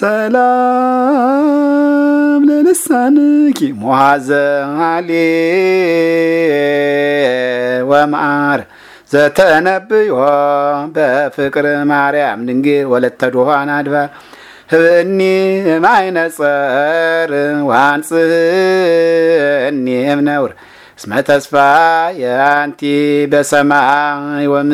ሰላም ለልሳንኪ ሞሃዘ አሌ ወማር ዘተነብዮ በፍቅር ማርያም ድንግል ወለተ ድኋን አድባር ህብኒ እማይነ ጸር ዋንጽህኒ እምነውር እስመ ተስፋ የአንቲ በሰማይ ወም